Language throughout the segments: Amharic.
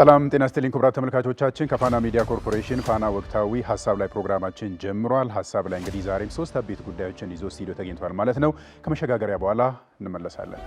ሰላም ጤና ስትልኝ ክቡራት ተመልካቾቻችን ከፋና ሚዲያ ኮርፖሬሽን ፋና ወቅታዊ ሀሳብ ላይ ፕሮግራማችን ጀምሯል። ሀሳብ ላይ እንግዲህ ዛሬም ሶስት አቤት ጉዳዮችን ይዞ ስቱዲዮ ተገኝቷል ማለት ነው። ከመሸጋገሪያ በኋላ እንመለሳለን።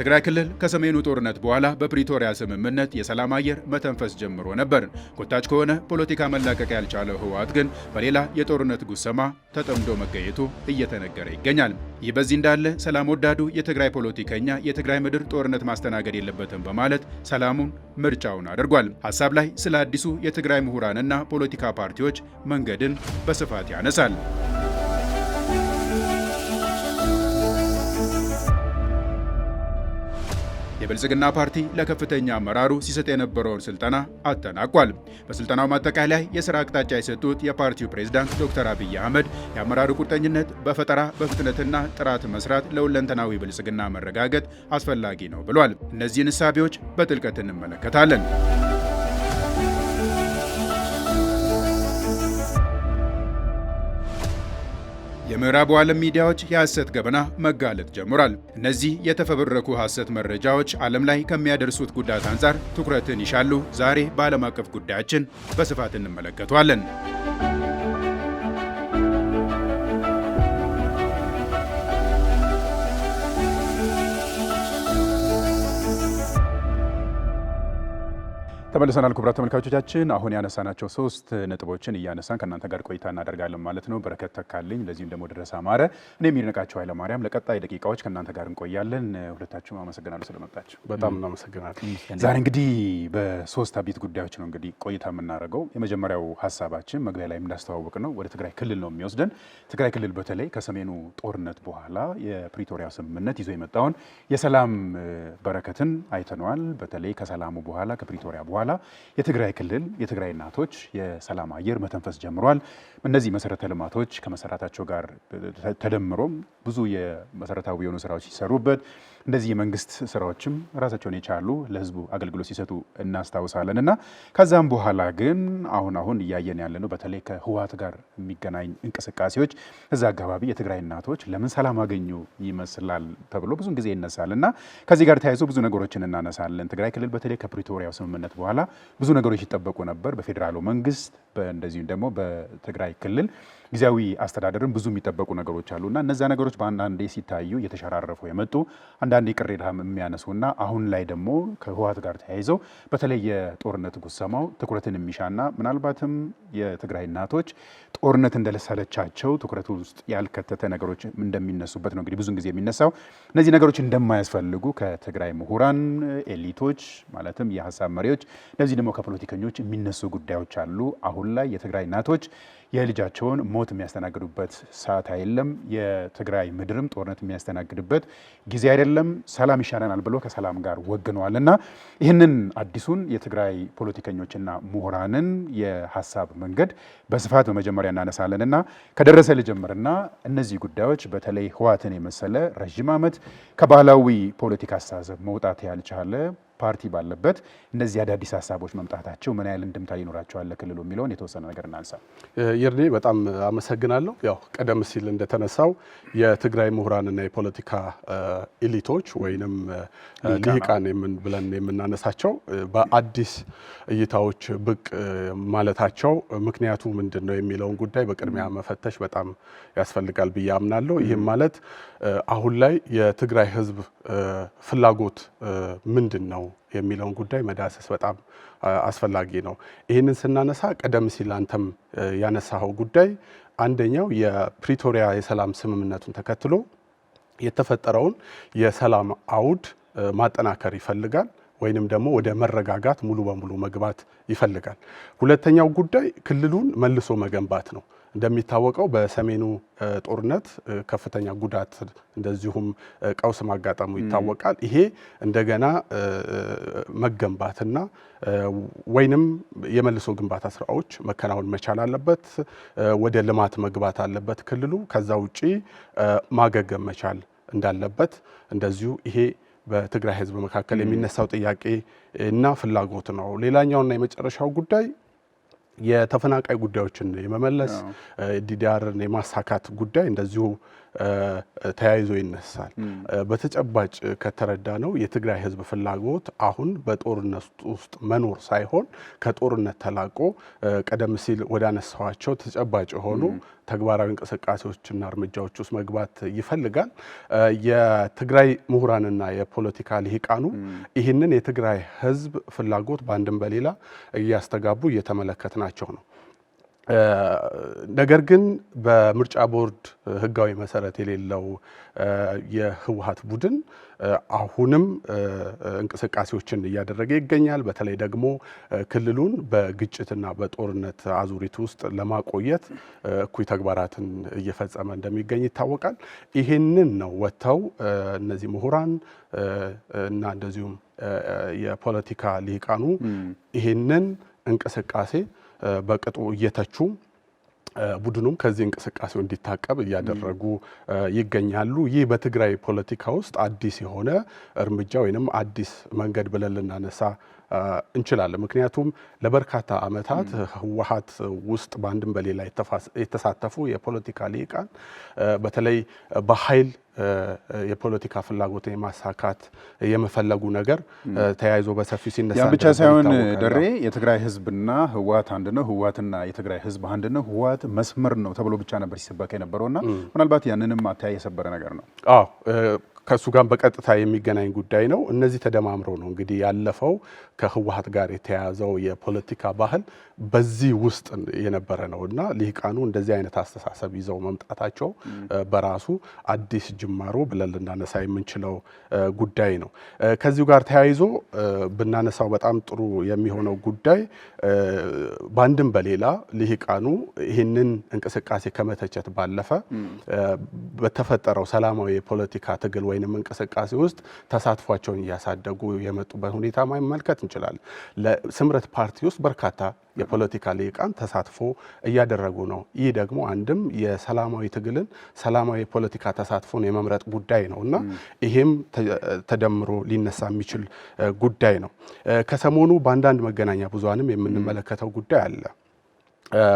በትግራይ ክልል ከሰሜኑ ጦርነት በኋላ በፕሪቶሪያ ስምምነት የሰላም አየር መተንፈስ ጀምሮ ነበር። ጎታች ከሆነ ፖለቲካ መላቀቅ ያልቻለው ህወሓት ግን በሌላ የጦርነት ጉሰማ ተጠምዶ መገኘቱ እየተነገረ ይገኛል። ይህ በዚህ እንዳለ ሰላም ወዳዱ የትግራይ ፖለቲከኛ የትግራይ ምድር ጦርነት ማስተናገድ የለበትም በማለት ሰላሙን ምርጫውን አድርጓል። ሀሳብ ላይ ስለ አዲሱ የትግራይ ምሁራንና ፖለቲካ ፓርቲዎች መንገድን በስፋት ያነሳል። የብልጽግና ፓርቲ ለከፍተኛ አመራሩ ሲሰጥ የነበረውን ስልጠና አጠናቋል። በስልጠናው ማጠቃለያ የስራ አቅጣጫ የሰጡት የፓርቲው ፕሬዝዳንት ዶክተር አብይ አህመድ የአመራሩ ቁርጠኝነት በፈጠራ በፍጥነትና ጥራት መስራት ለሁለንተናዊ ብልጽግና መረጋገጥ አስፈላጊ ነው ብሏል። እነዚህን እሳቤዎች በጥልቀት እንመለከታለን። የምዕራቡ ዓለም ሚዲያዎች የሐሰት ገበና መጋለጥ ጀምሯል። እነዚህ የተፈበረኩ ሐሰት መረጃዎች ዓለም ላይ ከሚያደርሱት ጉዳት አንጻር ትኩረትን ይሻሉ። ዛሬ በዓለም አቀፍ ጉዳያችን በስፋት እንመለከተዋለን። ተመልሰናል ክቡራት ተመልካቾቻችን፣ አሁን ያነሳናቸው ሶስት ነጥቦችን እያነሳን ከእናንተ ጋር ቆይታ እናደርጋለን ማለት ነው። በረከት ተካልኝ፣ ለዚህም ደግሞ ድረስ አማረ፣ እኔ ይድነቃቸው ኃይለማርያም ለቀጣይ ደቂቃዎች ከእናንተ ጋር እንቆያለን። ሁለታችሁም አመሰግናለሁ ስለመጣችሁ። በጣም እናመሰግናለን። ዛሬ እንግዲህ በሶስት አቢት ጉዳዮች ነው እንግዲህ ቆይታ የምናደርገው። የመጀመሪያው ሀሳባችን መግቢያ ላይ እንዳስተዋወቅ ነው ወደ ትግራይ ክልል ነው የሚወስደን። ትግራይ ክልል በተለይ ከሰሜኑ ጦርነት በኋላ የፕሪቶሪያ ስምምነት ይዞ የመጣውን የሰላም በረከትን አይተነዋል። በተለይ ከሰላሙ በኋላ ከፕሪቶሪያ በኋላ በኋላ የትግራይ ክልል የትግራይ እናቶች የሰላም አየር መተንፈስ ጀምሯል። እነዚህ መሰረተ ልማቶች ከመሰራታቸው ጋር ተደምሮም ብዙ የመሰረታዊ የሆኑ ስራዎች ሲሰሩበት እንደዚህ የመንግስት ስራዎችም ራሳቸውን የቻሉ ለህዝቡ አገልግሎት ሲሰጡ እናስታውሳለን እና ከዛም በኋላ ግን አሁን አሁን እያየን ያለ ነው በተለይ ከህወሓት ጋር የሚገናኝ እንቅስቃሴዎች እዛ አካባቢ የትግራይ እናቶች ለምን ሰላም አገኙ ይመስላል ተብሎ ብዙን ጊዜ ይነሳል እና ከዚህ ጋር ተያይዞ ብዙ ነገሮችን እናነሳለን። ትግራይ ክልል በተለይ ከፕሪቶሪያው ስምምነት በኋላ ብዙ ነገሮች ይጠበቁ ነበር በፌዴራሉ መንግስት እንደዚሁም ደግሞ በትግራይ ክልል ጊዜያዊ አስተዳደርን ብዙ የሚጠበቁ ነገሮች አሉ እና እነዚያ ነገሮች በአንዳንዴ ሲታዩ እየተሸራረፉ የመጡ አንዳንድ ቅሬታም የሚያነሱና አሁን ላይ ደግሞ ከህወሓት ጋር ተያይዘው በተለይ የጦርነት ጉሰማው ትኩረትን የሚሻና ምናልባትም የትግራይ እናቶች ጦርነት እንደለሰለቻቸው ትኩረት ውስጥ ያልከተተ ነገሮች እንደሚነሱበት ነው። እንግዲህ ብዙን ጊዜ የሚነሳው እነዚህ ነገሮች እንደማያስፈልጉ ከትግራይ ምሁራን ኤሊቶች፣ ማለትም የሀሳብ መሪዎች፣ እነዚህ ደግሞ ከፖለቲከኞች የሚነሱ ጉዳዮች አሉ። አሁን ላይ የትግራይ እናቶች የልጃቸውን ሞት የሚያስተናግዱበት ሰዓት አይደለም። የትግራይ ምድርም ጦርነት የሚያስተናግድበት ጊዜ አይደለም። ሰላም ይሻለናል ብሎ ከሰላም ጋር ወግነዋል እና ይህንን አዲሱን የትግራይ ፖለቲከኞችና ምሁራንን የሀሳብ መንገድ በስፋት በመጀመሪያ እናነሳለን እና ከደረሰ ልጀምርና እነዚህ ጉዳዮች በተለይ ህወሓትን የመሰለ ረዥም ዓመት ከባህላዊ ፖለቲካ አስተሳሰብ መውጣት ያልቻለ ፓርቲ ባለበት እነዚህ አዳዲስ ሀሳቦች መምጣታቸው ምን ያህል እንድምታ ይኖራቸዋል ለክልሉ የሚለውን የተወሰነ ነገር እናንሳ። ይርኔ በጣም አመሰግናለሁ። ያው ቀደም ሲል እንደተነሳው የትግራይ ምሁራንና የፖለቲካ ኢሊቶች ወይንም ሊቃን ብለን የምናነሳቸው በአዲስ እይታዎች ብቅ ማለታቸው ምክንያቱ ምንድን ነው የሚለውን ጉዳይ በቅድሚያ መፈተሽ በጣም ያስፈልጋል ብዬ አምናለሁ። ይህም ማለት አሁን ላይ የትግራይ ህዝብ ፍላጎት ምንድን ነው የሚለውን ጉዳይ መዳሰስ በጣም አስፈላጊ ነው። ይህንን ስናነሳ ቀደም ሲል አንተም ያነሳኸው ጉዳይ አንደኛው የፕሪቶሪያ የሰላም ስምምነቱን ተከትሎ የተፈጠረውን የሰላም አውድ ማጠናከር ይፈልጋል ወይንም ደግሞ ወደ መረጋጋት ሙሉ በሙሉ መግባት ይፈልጋል። ሁለተኛው ጉዳይ ክልሉን መልሶ መገንባት ነው። እንደሚታወቀው በሰሜኑ ጦርነት ከፍተኛ ጉዳት እንደዚሁም ቀውስ ማጋጠሙ ይታወቃል። ይሄ እንደገና መገንባትና ወይንም የመልሶ ግንባታ ስራዎች መከናወን መቻል አለበት። ወደ ልማት መግባት አለበት ክልሉ። ከዛ ውጪ ማገገም መቻል እንዳለበት እንደዚሁ ይሄ በትግራይ ህዝብ መካከል የሚነሳው ጥያቄ እና ፍላጎት ነው። ሌላኛውና የመጨረሻው ጉዳይ የተፈናቃይ ጉዳዮችን የመመለስ ዲዲአርን የማሳካት ጉዳይ እንደዚሁ ተያይዞ ይነሳል። በተጨባጭ ከተረዳ ነው የትግራይ ህዝብ ፍላጎት አሁን በጦርነት ውስጥ መኖር ሳይሆን ከጦርነት ተላቆ ቀደም ሲል ወዳነሳዋቸው ተጨባጭ የሆኑ ተግባራዊ እንቅስቃሴዎችና እርምጃዎች ውስጥ መግባት ይፈልጋል። የትግራይ ምሁራንና የፖለቲካ ልሂቃኑ ይህንን የትግራይ ህዝብ ፍላጎት በአንድም በሌላ እያስተጋቡ ናቸው ነው። ነገር ግን በምርጫ ቦርድ ህጋዊ መሰረት የሌለው የህወሀት ቡድን አሁንም እንቅስቃሴዎችን እያደረገ ይገኛል። በተለይ ደግሞ ክልሉን በግጭትና በጦርነት አዙሪት ውስጥ ለማቆየት እኩይ ተግባራትን እየፈጸመ እንደሚገኝ ይታወቃል። ይህንን ነው ወጥተው እነዚህ ምሁራን እና እንደዚሁም የፖለቲካ ሊቃኑ ይህንን እንቅስቃሴ በቅጡ እየተቹ ቡድኑም ከዚህ እንቅስቃሴው እንዲታቀብ እያደረጉ ይገኛሉ። ይህ በትግራይ ፖለቲካ ውስጥ አዲስ የሆነ እርምጃ ወይንም አዲስ መንገድ ብለን ልናነሳ እንችላለን። ምክንያቱም ለበርካታ ዓመታት ህወሀት ውስጥ በአንድም በሌላ የተሳተፉ የፖለቲካ ሊቃን በተለይ በኃይል የፖለቲካ ፍላጎትን የማሳካት የመፈለጉ ነገር ተያይዞ በሰፊው ሲነሳ ብቻ ሳይሆን ደሬ የትግራይ ህዝብና ህወሓት አንድ ነው፣ ህወሓትና የትግራይ ህዝብ አንድ ነው፣ ህወሓት መስመር ነው ተብሎ ብቻ ነበር የነበረው የነበረውና ምናልባት ያንንም አተያይ የሰበረ ነገር ነው። አዎ ከእሱ ጋር በቀጥታ የሚገናኝ ጉዳይ ነው። እነዚህ ተደማምረው ነው እንግዲህ ያለፈው ከህወሀት ጋር የተያያዘው የፖለቲካ ባህል በዚህ ውስጥ የነበረ ነው እና ሊቃኑ እንደዚህ አይነት አስተሳሰብ ይዘው መምጣታቸው በራሱ አዲስ ጅማሮ ብለን ልናነሳ የምንችለው ጉዳይ ነው። ከዚሁ ጋር ተያይዞ ብናነሳው በጣም ጥሩ የሚሆነው ጉዳይ በአንድም በሌላ ሊቃኑ ይህንን እንቅስቃሴ ከመተቸት ባለፈ በተፈጠረው ሰላማዊ የፖለቲካ ትግል ወይንም እንቅስቃሴ ውስጥ ተሳትፏቸውን እያሳደጉ የመጡበት ሁኔታ ማመልከት እንችላለን። ለስምረት ፓርቲ ውስጥ በርካታ የፖለቲካ ሊቃን ተሳትፎ እያደረጉ ነው። ይህ ደግሞ አንድም የሰላማዊ ትግልን ሰላማዊ የፖለቲካ ተሳትፎን የመምረጥ ጉዳይ ነው እና ይሄም ተደምሮ ሊነሳ የሚችል ጉዳይ ነው። ከሰሞኑ በአንዳንድ መገናኛ ብዙሃንም የምንመለከተው ጉዳይ አለ።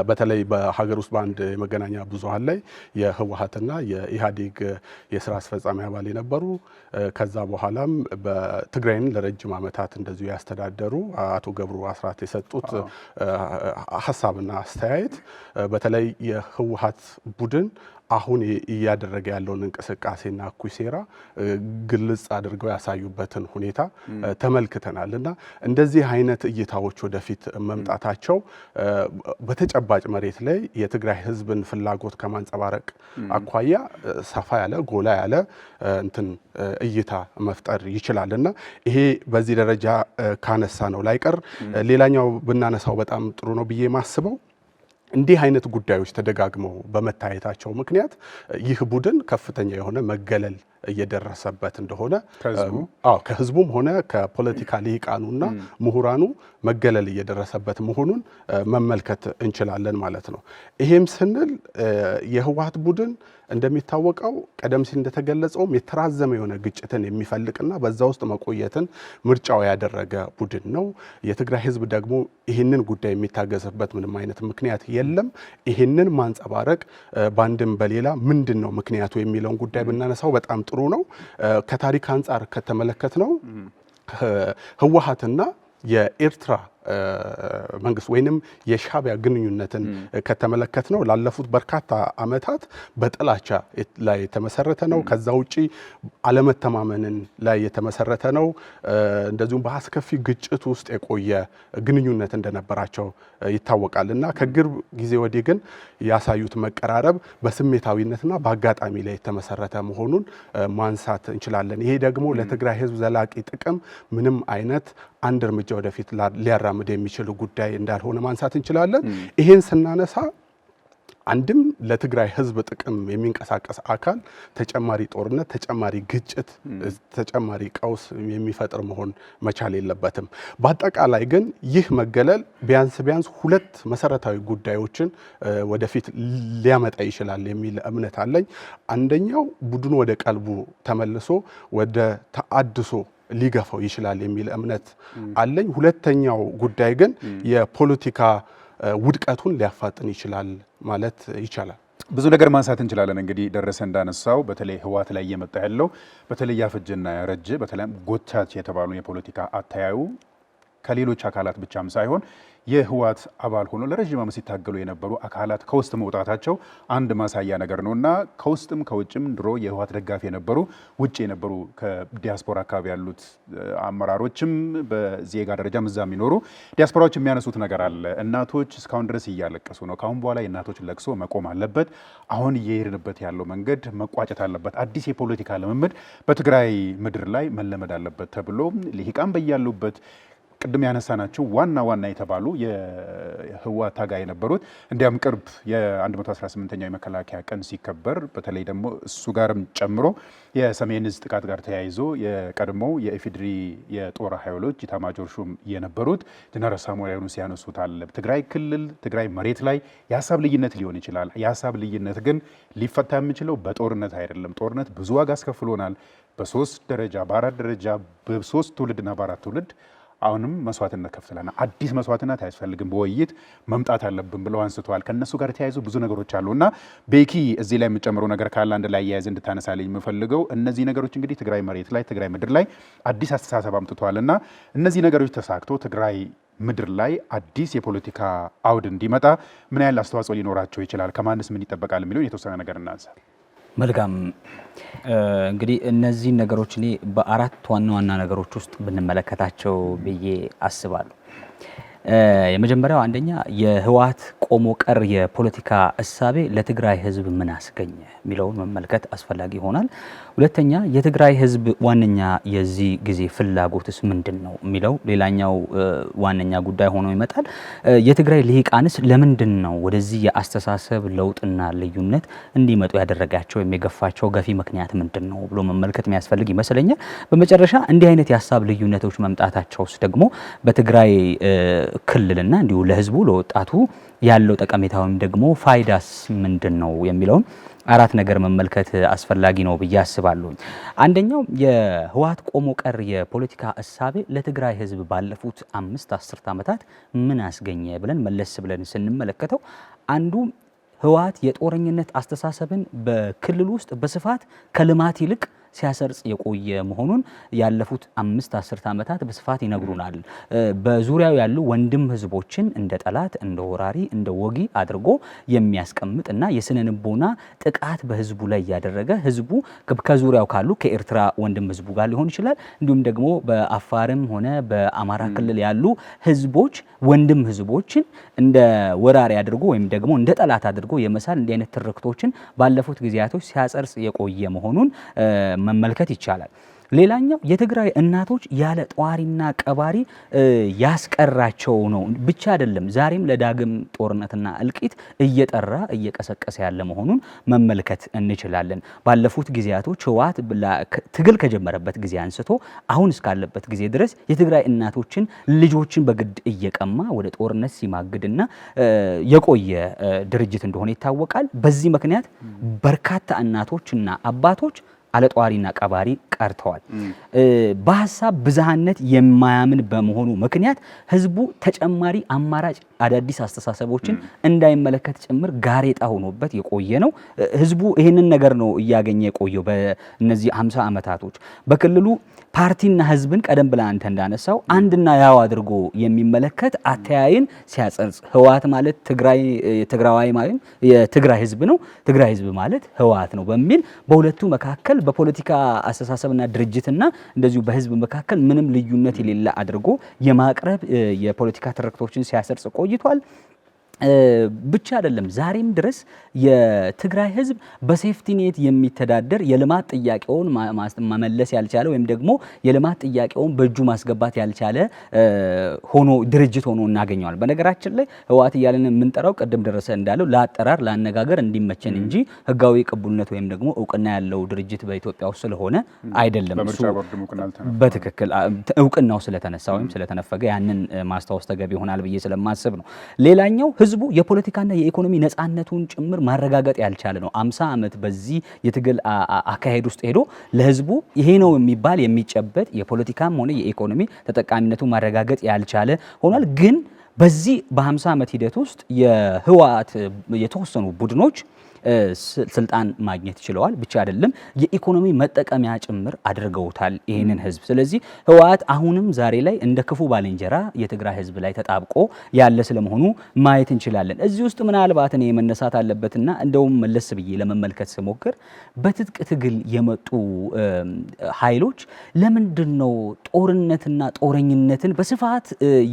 በተለይ በሀገር ውስጥ በአንድ የመገናኛ ብዙኃን ላይ የህወሀትና የኢህአዴግ የስራ አስፈጻሚ አባል የነበሩ ከዛ በኋላም በትግራይን ለረጅም ዓመታት እንደዚሁ ያስተዳደሩ አቶ ገብሩ አስራት የሰጡት ሀሳብና አስተያየት በተለይ የህወሀት ቡድን አሁን እያደረገ ያለውን እንቅስቃሴና ኩሴራ ግልጽ አድርገው ያሳዩበትን ሁኔታ ተመልክተናል እና እንደዚህ አይነት እይታዎች ወደፊት መምጣታቸው ተጨባጭ መሬት ላይ የትግራይ ህዝብን ፍላጎት ከማንጸባረቅ አኳያ ሰፋ ያለ ጎላ ያለ እንትን እይታ መፍጠር ይችላል እና ይሄ በዚህ ደረጃ ካነሳ ነው ላይቀር ሌላኛው ብናነሳው በጣም ጥሩ ነው ብዬ ማስበው እንዲህ አይነት ጉዳዮች ተደጋግመው በመታየታቸው ምክንያት ይህ ቡድን ከፍተኛ የሆነ መገለል እየደረሰበት እንደሆነ ከህዝቡም ሆነ ከፖለቲካ ሊቃኑና ምሁራኑ መገለል እየደረሰበት መሆኑን መመልከት እንችላለን ማለት ነው። ይሄም ስንል የህወሀት ቡድን እንደሚታወቀው ቀደም ሲል እንደተገለጸውም የተራዘመ የሆነ ግጭትን የሚፈልቅና በዛ ውስጥ መቆየትን ምርጫው ያደረገ ቡድን ነው። የትግራይ ህዝብ ደግሞ ይህንን ጉዳይ የሚታገዝበት ምንም አይነት ምክንያት የለም። ይህንን ማንጸባረቅ በአንድም በሌላ ምንድን ነው ምክንያቱ የሚለውን ጉዳይ ብናነሳው በጣም ጥሩ ነው። ከታሪክ አንጻር ከተመለከት ነው ህወሀትና የኤርትራ መንግስት ወይንም የሻቢያ ግንኙነትን ከተመለከት ነው ላለፉት በርካታ አመታት በጥላቻ ላይ የተመሰረተ ነው። ከዛ ውጪ አለመተማመንን ላይ የተመሰረተ ነው። እንደዚሁም በአስከፊ ግጭት ውስጥ የቆየ ግንኙነት እንደነበራቸው ይታወቃል እና ከቅርብ ጊዜ ወዲህ ግን ያሳዩት መቀራረብ በስሜታዊነትና በአጋጣሚ ላይ የተመሰረተ መሆኑን ማንሳት እንችላለን። ይሄ ደግሞ ለትግራይ ህዝብ ዘላቂ ጥቅም ምንም አይነት አንድ እርምጃ ወደፊት ሊያራ ሊያራምድ የሚችል ጉዳይ እንዳልሆነ ማንሳት እንችላለን። ይሄን ስናነሳ አንድም ለትግራይ ሕዝብ ጥቅም የሚንቀሳቀስ አካል ተጨማሪ ጦርነት፣ ተጨማሪ ግጭት፣ ተጨማሪ ቀውስ የሚፈጥር መሆን መቻል የለበትም። በአጠቃላይ ግን ይህ መገለል ቢያንስ ቢያንስ ሁለት መሰረታዊ ጉዳዮችን ወደፊት ሊያመጣ ይችላል የሚል እምነት አለኝ። አንደኛው ቡድኑ ወደ ቀልቡ ተመልሶ ወደ ተአድሶ ሊገፋው ይችላል የሚል እምነት አለኝ። ሁለተኛው ጉዳይ ግን የፖለቲካ ውድቀቱን ሊያፋጥን ይችላል ማለት ይቻላል። ብዙ ነገር ማንሳት እንችላለን። እንግዲህ ደረሰ እንዳነሳው በተለይ ህወሓት ላይ እየመጣ ያለው በተለይ ያፈጀና ያረጀ በተለይም ጎቻች የተባሉ የፖለቲካ አተያዩ ከሌሎች አካላት ብቻም ሳይሆን የህወሓት አባል ሆኖ ለረዥም ዓመት ሲታገሉ የነበሩ አካላት ከውስጥ መውጣታቸው አንድ ማሳያ ነገር ነው እና ከውስጥም ከውጭም ድሮ የህወሓት ደጋፊ የነበሩ ውጭ የነበሩ ከዲያስፖራ አካባቢ ያሉት አመራሮችም በዜጋ ደረጃም እዛ የሚኖሩ ዲያስፖራዎች የሚያነሱት ነገር አለ። እናቶች እስካሁን ድረስ እያለቀሱ ነው። ከአሁን በኋላ የእናቶች ለቅሶ መቆም አለበት። አሁን እየሄድንበት ያለው መንገድ መቋጨት አለበት። አዲስ የፖለቲካ ልምምድ በትግራይ ምድር ላይ መለመድ አለበት ተብሎ ልሂቃን በያሉበት ቅድም ያነሳናቸው ዋና ዋና የተባሉ የህወሓት ታጋይ የነበሩት እንዲያም ቅርብ የ118ኛው የመከላከያ ቀን ሲከበር በተለይ ደግሞ እሱ ጋርም ጨምሮ የሰሜን ዕዝ ጥቃት ጋር ተያይዞ የቀድሞው የኢፌዴሪ የጦር ኃይሎች ኢታማጆር ሹም የነበሩት ጀነራል ሳሞራ የኑስ አለ። ትግራይ ክልል ትግራይ መሬት ላይ የሀሳብ ልዩነት ሊሆን ይችላል። የሀሳብ ልዩነት ግን ሊፈታ የምንችለው በጦርነት አይደለም። ጦርነት ብዙ ዋጋ አስከፍሎናል። በሶስት ደረጃ በአራት ደረጃ በሶስት ትውልድና በአራት ትውልድ አሁንም መስዋዕትነት ከፍለና አዲስ መስዋዕትነት አያስፈልግም በውይይት መምጣት አለብን ብለው አንስተዋል። ከነሱ ጋር የተያያዙ ብዙ ነገሮች አሉ እና ቤኪ እዚህ ላይ የምጨምረው ነገር ካለ አንድ ላይ አያያዝ እንድታነሳልኝ የምፈልገው እነዚህ ነገሮች እንግዲህ ትግራይ መሬት ላይ ትግራይ ምድር ላይ አዲስ አስተሳሰብ አምጥተዋል እና እነዚህ ነገሮች ተሳክቶ ትግራይ ምድር ላይ አዲስ የፖለቲካ አውድ እንዲመጣ ምን ያህል አስተዋጽኦ ሊኖራቸው ይችላል? ከማንስ ምን ይጠበቃል? የሚለውን የተወሰነ ነገር እናንሳል። መልካም እንግዲህ እነዚህን ነገሮች እኔ በአራት ዋና ዋና ነገሮች ውስጥ ብንመለከታቸው ብዬ አስባለሁ። የመጀመሪያው አንደኛ የህወሓት ቆሞ ቀር የፖለቲካ እሳቤ ለትግራይ ህዝብ ምን አስገኘ የሚለውን መመልከት አስፈላጊ ይሆናል። ሁለተኛ የትግራይ ህዝብ ዋነኛ የዚህ ጊዜ ፍላጎትስ ምንድን ነው የሚለው ሌላኛው ዋነኛ ጉዳይ ሆኖ ይመጣል። የትግራይ ልሂቃንስ ለምንድን ነው ወደዚህ የአስተሳሰብ ለውጥና ልዩነት እንዲመጡ ያደረጋቸው የሚገፋቸው ገፊ ምክንያት ምንድን ነው ብሎ መመልከት የሚያስፈልግ ይመስለኛል። በመጨረሻ እንዲህ አይነት የሀሳብ ልዩነቶች መምጣታቸውስ ደግሞ በትግራይ ክልልና እንዲሁ ለህዝቡ ለወጣቱ ያለው ጠቀሜታ ወይም ደግሞ ፋይዳስ ምንድን ነው የሚለውን አራት ነገር መመልከት አስፈላጊ ነው ብዬ አስባለሁ። አንደኛው የህወሓት ቆሞ ቀር የፖለቲካ እሳቤ ለትግራይ ህዝብ ባለፉት አምስት አስርት ዓመታት ምን አስገኘ ብለን መለስ ብለን ስንመለከተው አንዱ ህወሓት የጦረኝነት አስተሳሰብን በክልሉ ውስጥ በስፋት ከልማት ይልቅ ሲያሰርጽ የቆየ መሆኑን ያለፉት አምስት አስርት ዓመታት በስፋት ይነግሩናል። በዙሪያው ያሉ ወንድም ህዝቦችን እንደ ጠላት፣ እንደ ወራሪ፣ እንደ ወጊ አድርጎ የሚያስቀምጥ እና የስነ ልቦና ጥቃት በህዝቡ ላይ ያደረገ ህዝቡ ከዙሪያው ካሉ ከኤርትራ ወንድም ህዝቡ ጋር ሊሆን ይችላል እንዲሁም ደግሞ በአፋርም ሆነ በአማራ ክልል ያሉ ህዝቦች ወንድም ህዝቦችን እንደ ወራሪ አድርጎ ወይም ደግሞ እንደ ጠላት አድርጎ የመሳል እንዲህ አይነት ትርክቶችን ባለፉት ጊዜያቶች ሲያጸርጽ የቆየ መሆኑን መመልከት ይቻላል። ሌላኛው የትግራይ እናቶች ያለ ጧሪና ቀባሪ ያስቀራቸው ነው ብቻ አይደለም፣ ዛሬም ለዳግም ጦርነትና እልቂት እየጠራ እየቀሰቀሰ ያለ መሆኑን መመልከት እንችላለን። ባለፉት ጊዜያቶች ህወሓት ትግል ከጀመረበት ጊዜ አንስቶ አሁን እስካለበት ጊዜ ድረስ የትግራይ እናቶችን ልጆችን በግድ እየቀማ ወደ ጦርነት ሲማግድና የቆየ ድርጅት እንደሆነ ይታወቃል። በዚህ ምክንያት በርካታ እናቶችና አባቶች አለጧሪና ቀባሪ ቀርተዋል። በሀሳብ ብዝሃነት የማያምን በመሆኑ ምክንያት ህዝቡ ተጨማሪ አማራጭ አዳዲስ አስተሳሰቦችን እንዳይመለከት ጭምር ጋሬጣ ሆኖበት የቆየ ነው። ህዝቡ ይህንን ነገር ነው እያገኘ የቆየው በእነዚህ ሀምሳ ዓመታቶች በክልሉ ፓርቲና ህዝብን ቀደም ብላ አንተ እንዳነሳው አንድና ያው አድርጎ የሚመለከት አተያይን ሲያጸርጽ ህወሓት ማለት ትግራይ ትግራዋይ ማለት የትግራይ ህዝብ ነው፣ ትግራይ ህዝብ ማለት ህወሓት ነው በሚል በሁለቱ መካከል በፖለቲካ አስተሳሰብና ድርጅትና እንደዚሁ በህዝብ መካከል ምንም ልዩነት የሌለ አድርጎ የማቅረብ የፖለቲካ ትርክቶችን ሲያሰርጽ ቆይቷል። ብቻ አይደለም። ዛሬም ድረስ የትግራይ ህዝብ በሴፍቲኔት የሚተዳደር የልማት ጥያቄውን መመለስ ያልቻለ ወይም ደግሞ የልማት ጥያቄውን በእጁ ማስገባት ያልቻለ ሆኖ ድርጅት ሆኖ እናገኘዋል። በነገራችን ላይ ህወሓት እያለን የምንጠራው ቅድም ደረሰ እንዳለው ለአጠራር ለአነጋገር እንዲመቸን እንጂ ህጋዊ ቅቡልነት ወይም ደግሞ እውቅና ያለው ድርጅት በኢትዮጵያ ውስጥ ስለሆነ አይደለም። በትክክል እውቅናው ስለተነሳ ወይም ስለተነፈገ ያንን ማስታወስ ተገቢ ይሆናል ብዬ ስለማስብ ነው። ሌላኛው ህዝቡ የፖለቲካና የኢኮኖሚ ነፃነቱን ጭምር ማረጋገጥ ያልቻለ ነው። አምሳ ዓመት በዚህ የትግል አካሄድ ውስጥ ሄዶ ለህዝቡ ይሄ ነው የሚባል የሚጨበጥ የፖለቲካም ሆነ የኢኮኖሚ ተጠቃሚነቱን ማረጋገጥ ያልቻለ ሆኗል። ግን በዚህ በ50 ዓመት ሂደት ውስጥ የህወሓት የተወሰኑ ቡድኖች ስልጣን ማግኘት ችለዋል። ብቻ አይደለም የኢኮኖሚ መጠቀሚያ ጭምር አድርገውታል ይህንን ህዝብ። ስለዚህ ህወሓት አሁንም ዛሬ ላይ እንደ ክፉ ባልንጀራ የትግራይ ህዝብ ላይ ተጣብቆ ያለ ስለመሆኑ ማየት እንችላለን። እዚህ ውስጥ ምናልባት እኔ መነሳት አለበትና እንደውም መለስ ብዬ ለመመልከት ስሞክር በትጥቅ ትግል የመጡ ኃይሎች ለምንድን ነው ጦርነትና ጦረኝነትን በስፋት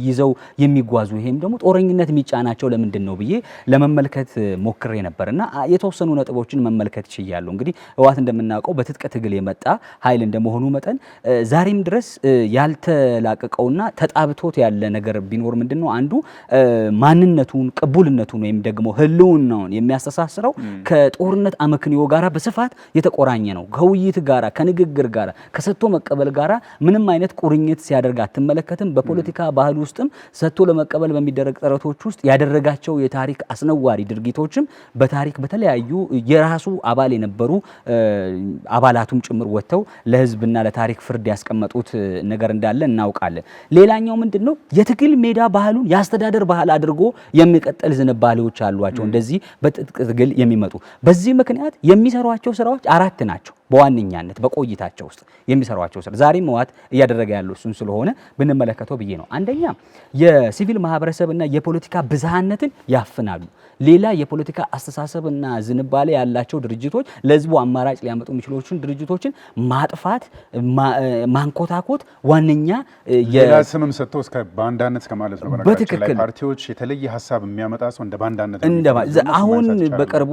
ይዘው የሚጓዙ ይሄም ደግሞ ጦረኝነት የሚጫናቸው ለምንድን ነው ብዬ ለመመልከት ሞክሬ ነበር የተወሰኑ ነጥቦችን መመልከት ይችላሉ። እንግዲህ ህወሓት እንደምናውቀው በትጥቅ ትግል የመጣ ኃይል እንደመሆኑ መጠን ዛሬም ድረስ ያልተላቀቀውና ተጣብቶት ያለ ነገር ቢኖር ምንድነው አንዱ ማንነቱን ቅቡልነቱን ወይም ደግሞ ህልውናውን የሚያስተሳስረው ከጦርነት አመክንዮ ጋራ በስፋት የተቆራኘ ነው። ከውይይት ጋራ፣ ከንግግር ጋራ፣ ከሰጥቶ መቀበል ጋራ ምንም አይነት ቁርኝት ሲያደርግ አትመለከትም። በፖለቲካ ባህል ውስጥም ሰጥቶ ለመቀበል በሚደረግ ጥረቶች ውስጥ ያደረጋቸው የታሪክ አስነዋሪ ድርጊቶችም በታሪክ በተለያ የተለያዩ የራሱ አባል የነበሩ አባላቱም ጭምር ወጥተው ለህዝብና ለታሪክ ፍርድ ያስቀመጡት ነገር እንዳለ እናውቃለን። ሌላኛው ምንድን ነው? የትግል ሜዳ ባህሉን የአስተዳደር ባህል አድርጎ የሚቀጠል ዝንባሌዎች አሏቸው። እንደዚህ በትጥቅ ትግል የሚመጡ በዚህ ምክንያት የሚሰሯቸው ስራዎች አራት ናቸው። በዋነኛነት በቆይታቸው ውስጥ የሚሰሯቸው ስራ ዛሬም መዋት እያደረገ ያለው እሱን ስለሆነ ብንመለከተው ብዬ ነው። አንደኛ የሲቪል ማህበረሰብና የፖለቲካ ብዝሃነትን ያፍናሉ። ሌላ የፖለቲካ አስተሳሰብና ዝንባሌ ያላቸው ድርጅቶች ለህዝቡ አማራጭ ሊያመጡ የሚችሎችን ድርጅቶችን ማጥፋት፣ ማንኮታኮት ዋነኛ ሌላ ስምም ሰጥቶ እስከ ባንዳነት ከማለት ነው። በትክክል ፓርቲዎች የተለየ ሀሳብ የሚያመጣ ሰው እንደ ባንዳነት አሁን በቅርቡ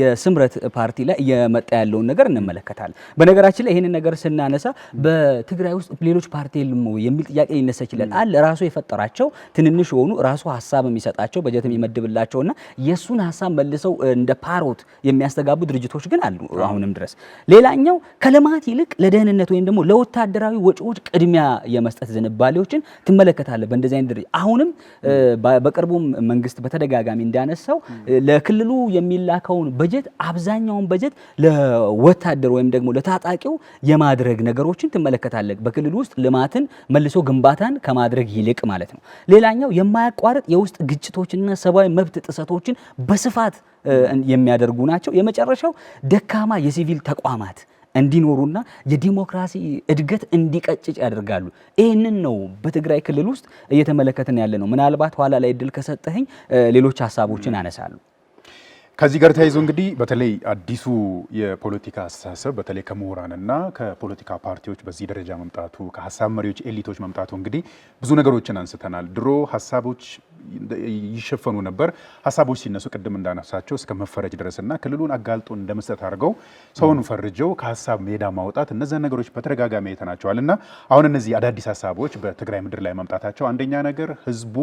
የስምረት ፓርቲ ላይ እየመጣ ያለውን ነገር እንመለከታለን። በነገራችን ላይ ይህንን ነገር ስናነሳ በትግራይ ውስጥ ሌሎች ፓርቲ የለም የሚል ጥያቄ ሊነሳ ይችላል። አለ ራሱ የፈጠራቸው ትንንሽ የሆኑ ራሱ ሀሳብ የሚሰጣቸው በጀት የሚመድብላቸውና የእሱን ሀሳብ መልሰው እንደ ፓሮት የሚያስተጋቡ ድርጅቶች ግን አሉ አሁንም ድረስ። ሌላኛው ከልማት ይልቅ ለደህንነት ወይም ደግሞ ለወታደራዊ ወጪዎች ቅድሚያ የመስጠት ዝንባሌዎችን ትመለከታለህ በእንደዚህ አይነት ድርጅት። አሁንም በቅርቡም መንግስት በተደጋጋሚ እንዳነሳው ለክልሉ የሚላከውን በጀት አብዛኛውን በጀት ለወታደር ወይም ደግሞ ለታጣቂው የማድረግ ነገሮችን ትመለከታለህ በክልሉ ውስጥ ልማትን መልሶ ግንባታን ከማድረግ ይልቅ ማለት ነው። ሌላኛው የማያቋርጥ የውስጥ ግጭቶችና ሰብአዊ መብት ጥሰቶች ጥናቶችን በስፋት የሚያደርጉ ናቸው። የመጨረሻው ደካማ የሲቪል ተቋማት እንዲኖሩና የዲሞክራሲ እድገት እንዲቀጭጭ ያደርጋሉ። ይህንን ነው በትግራይ ክልል ውስጥ እየተመለከትን ያለ ነው። ምናልባት ኋላ ላይ እድል ከሰጠህኝ ሌሎች ሀሳቦችን አነሳሉ። ከዚህ ጋር ተያይዞ እንግዲህ በተለይ አዲሱ የፖለቲካ አስተሳሰብ በተለይ ከምሁራንና ከፖለቲካ ፓርቲዎች በዚህ ደረጃ መምጣቱ ከሀሳብ መሪዎች ኤሊቶች መምጣቱ እንግዲህ ብዙ ነገሮችን አንስተናል። ድሮ ሀሳቦች ይሸፈኑ ነበር። ሀሳቦች ሲነሱ ቅድም እንዳነሳቸው እስከ መፈረጅ ድረስና ክልሉን አጋልጦ እንደመስጠት አድርገው ሰውን ፈርጀው ከሀሳብ ሜዳ ማውጣት እነዚያን ነገሮች በተደጋጋሚ አይተናቸዋል እና አሁን እነዚህ አዳዲስ ሀሳቦች በትግራይ ምድር ላይ መምጣታቸው አንደኛ ነገር ህዝቡ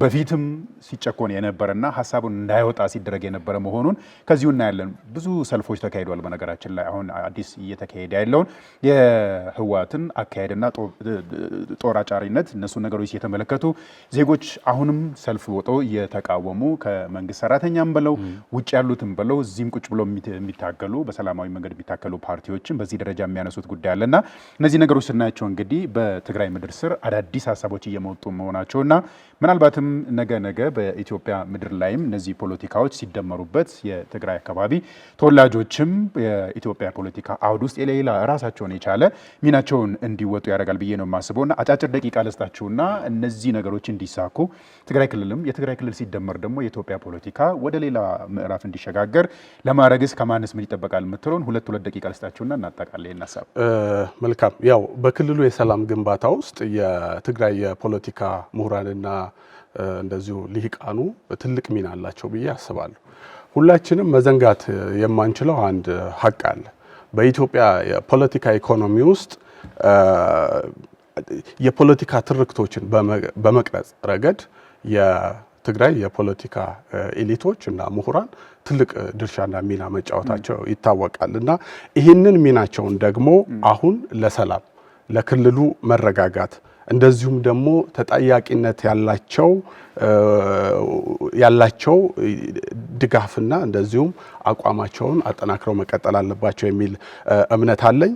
በፊትም ሲጨኮን የነበረና ሀሳቡን እንዳይወጣ ሲደረግ የነበረ መሆኑን ከዚሁ እናያለን። ብዙ ሰልፎች ተካሂደዋል። በነገራችን ላይ አሁን አዲስ እየተካሄደ ያለውን የህወሓትን አካሄድና ጦር አጫሪነት እነሱ ነገሮች የተመለከቱ ዜጎች አሁንም ሰልፍ ወጠው እየተቃወሙ ከመንግስት ሰራተኛም ብለው ውጭ ያሉትም ብለው እዚህም ቁጭ ብለው የሚታገሉ በሰላማዊ መንገድ የሚታከሉ ፓርቲዎችን በዚህ ደረጃ የሚያነሱት ጉዳይ አለና እነዚህ ነገሮች ስናያቸው እንግዲህ በትግራይ ምድር ስር አዳዲስ ሀሳቦች እየመጡ መሆናቸውና ምናልባትም ነገ ነገ በኢትዮጵያ ምድር ላይም እነዚህ ፖለቲካዎች ሲደመሩበት የትግራይ አካባቢ ተወላጆችም የኢትዮጵያ ፖለቲካ አውድ ውስጥ የሌላ ራሳቸውን የቻለ ሚናቸውን እንዲወጡ ያደርጋል ብዬ ነው የማስበውና አጫጭር ደቂቃ ልስጣችሁና እነዚህ ነገሮች እንዲሳኩ ትግራይ የትግራይ ክልልም የትግራይ ክልል ሲደመር ደግሞ የኢትዮጵያ ፖለቲካ ወደ ሌላ ምዕራፍ እንዲሸጋገር ለማድረግስ ከማንስ ምን ይጠበቃል የምትለውን ሁለት ሁለት ደቂቃ ልስጣችሁና እናጠቃለን ሀሳብ መልካም ያው በክልሉ የሰላም ግንባታ ውስጥ የትግራይ የፖለቲካ ምሁራንና እንደዚሁ ልሂቃኑ ትልቅ ሚና አላቸው ብዬ አስባለሁ። ሁላችንም መዘንጋት የማንችለው አንድ ሀቅ አለ። በኢትዮጵያ የፖለቲካ ኢኮኖሚ ውስጥ የፖለቲካ ትርክቶችን በመቅረጽ ረገድ የትግራይ የፖለቲካ ኤሊቶች እና ምሁራን ትልቅ ድርሻና ሚና መጫወታቸው ይታወቃል እና ይህንን ሚናቸውን ደግሞ አሁን ለሰላም ለክልሉ መረጋጋት እንደዚሁም ደግሞ ተጠያቂነት ያላቸው ያላቸው ድጋፍና እንደዚሁም አቋማቸውን አጠናክረው መቀጠል አለባቸው የሚል እምነት አለኝ።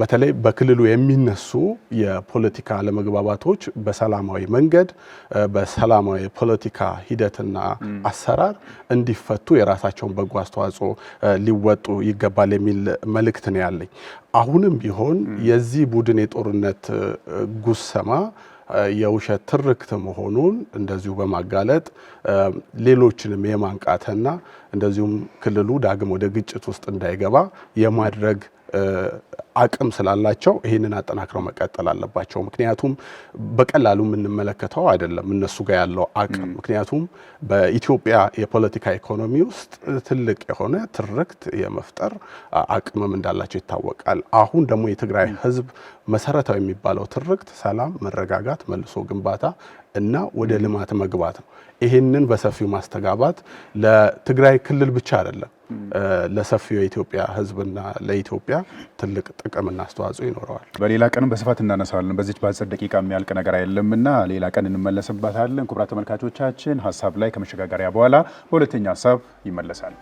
በተለይ በክልሉ የሚነሱ የፖለቲካ አለመግባባቶች በሰላማዊ መንገድ በሰላማዊ ፖለቲካ ሂደትና አሰራር እንዲፈቱ የራሳቸውን በጎ አስተዋጽኦ ሊወጡ ይገባል የሚል መልእክት ነው ያለኝ። አሁንም ቢሆን የዚህ ቡድን የጦርነት ጉሰማ የውሸት ትርክት መሆኑን እንደዚሁ በማጋለጥ ሌሎችንም የማንቃትና እንደዚሁም ክልሉ ዳግም ወደ ግጭት ውስጥ እንዳይገባ የማድረግ አቅም ስላላቸው ይህንን አጠናክረው መቀጠል አለባቸው። ምክንያቱም በቀላሉ የምንመለከተው አይደለም እነሱ ጋር ያለው አቅም። ምክንያቱም በኢትዮጵያ የፖለቲካ ኢኮኖሚ ውስጥ ትልቅ የሆነ ትርክት የመፍጠር አቅምም እንዳላቸው ይታወቃል። አሁን ደግሞ የትግራይ ሕዝብ መሰረታዊ የሚባለው ትርክት ሰላም፣ መረጋጋት፣ መልሶ ግንባታ እና ወደ ልማት መግባት ነው። ይህንን በሰፊው ማስተጋባት ለትግራይ ክልል ብቻ አይደለም ለሰፊው የኢትዮጵያ ህዝብና ለኢትዮጵያ ትልቅ ጥቅምና አስተዋጽኦ ይኖረዋል። በሌላ ቀንም በስፋት እናነሳዋለን። በዚች በአጭር ደቂቃ የሚያልቅ ነገር አይደለምና ሌላ ቀን እንመለስባታለን። ክቡራት ተመልካቾቻችን ሀሳብ ላይ ከመሸጋገሪያ በኋላ በሁለተኛ ሀሳብ ይመለሳል።